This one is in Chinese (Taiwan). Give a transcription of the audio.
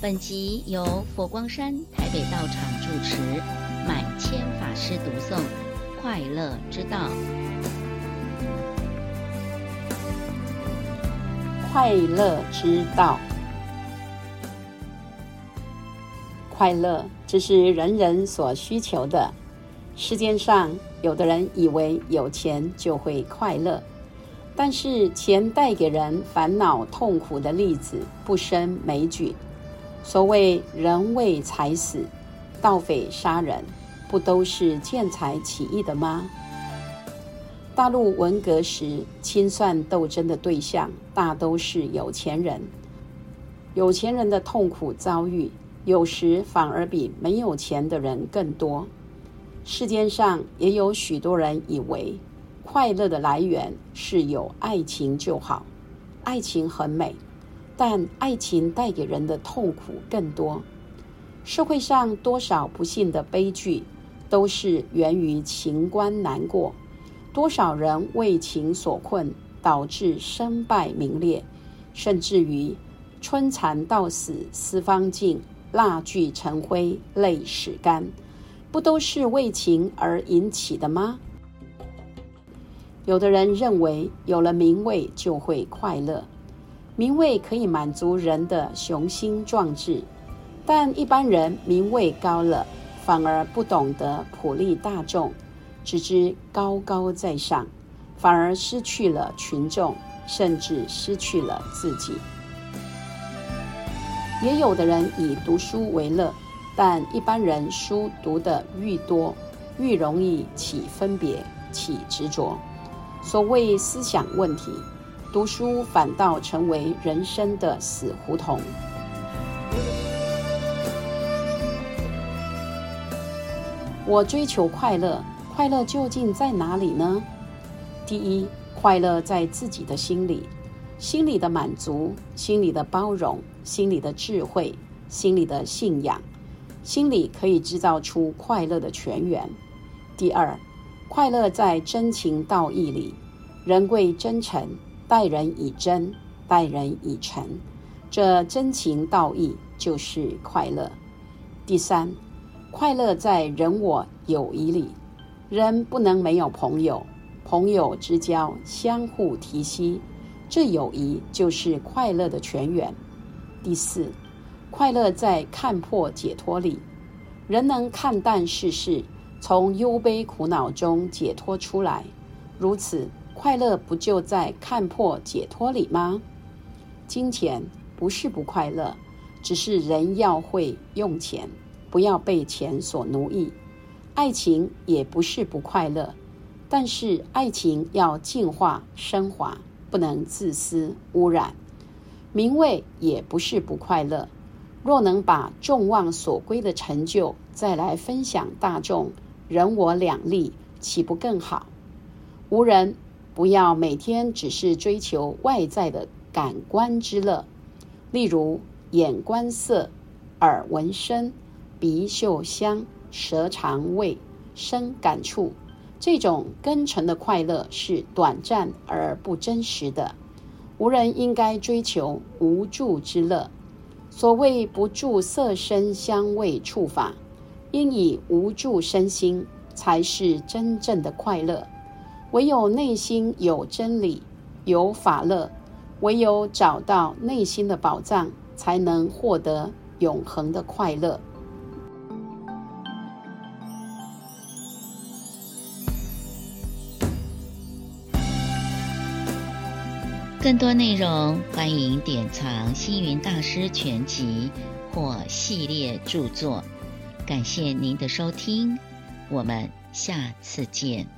本集由佛光山台北道場住持滿謙法師讀誦《快樂之道》。快樂之道，快樂這是人人所希求的。世間上有的人以為有錢就會快樂，但是錢帶給人煩惱痛苦的例子不勝枚舉。所謂人為財死，盜匪殺人，不都是見財起意的嗎？大陸文革時清算鬥爭的對象，大都是有錢人。有錢人的痛苦遭遇，有時反而比沒有錢的人更多。世間上也有許多人以為，快樂的來源是有愛情就好，愛情很美。但愛情帶給人的痛苦更多，社會上多少不幸的悲劇，都是源於情關難過。多少人為情所困，導致身敗名裂，甚至於“春蠶到死絲方盡，蠟炬成灰淚始乾”，不都是為情而引起的嗎？有的人認為，有了名位就會快樂。名位可以滿足人的雄心壯志，但一般人名位高了，反而不懂得普利大眾，只知高高在上，反而失去了群眾，甚至失去了自己。也有的人以讀書為樂，但一般人書讀得愈多，愈容易起分別、起執着。所謂思想問題。讀書反倒成為人生的死胡同。我追求快樂，快樂究竟在哪裡呢？第一，快樂在自己的心裡，心裡的滿足，心裡的包容，心裡的智慧，心裡的信仰，心裡可以製造出快樂的泉源。第二，快樂在真情道義裡，人貴真誠。待人以真，待人以誠，這真情道義就是快樂。第三，快樂在人我友誼裡，人不能沒有朋友，朋友之交相互提攜，這友誼就是快樂的泉源。第四，快樂在看破解脫裡，人能看淡世事，從憂悲苦惱中解脫出來，如此。快樂不就在看破解脫裡嗎？金錢不是不快樂，只是人要會用錢，不要被錢所奴役。愛情也不是不快樂，但是愛情要淨化升華，不能自私污染。名位也不是不快樂，若能把眾望所歸的成就再來分享大眾，人我兩利，豈不更好？無人。不要每天只是追求外在的感官之樂，例如眼觀色、耳聞聲、鼻嗅香、舌嘗味、身感觸，這種根塵的快樂是短暫而不真實的。吾人應該追求無住之樂。所謂不著色、聲、香味、觸法，應以無住身心才是真正的快樂。唯有內心有真理，有法樂；唯有找到內心的寶藏，才能獲得永恆的快樂。更多內容，歡迎典藏《星雲大師全集》或系列著作。感謝您的收聽，我們下次見。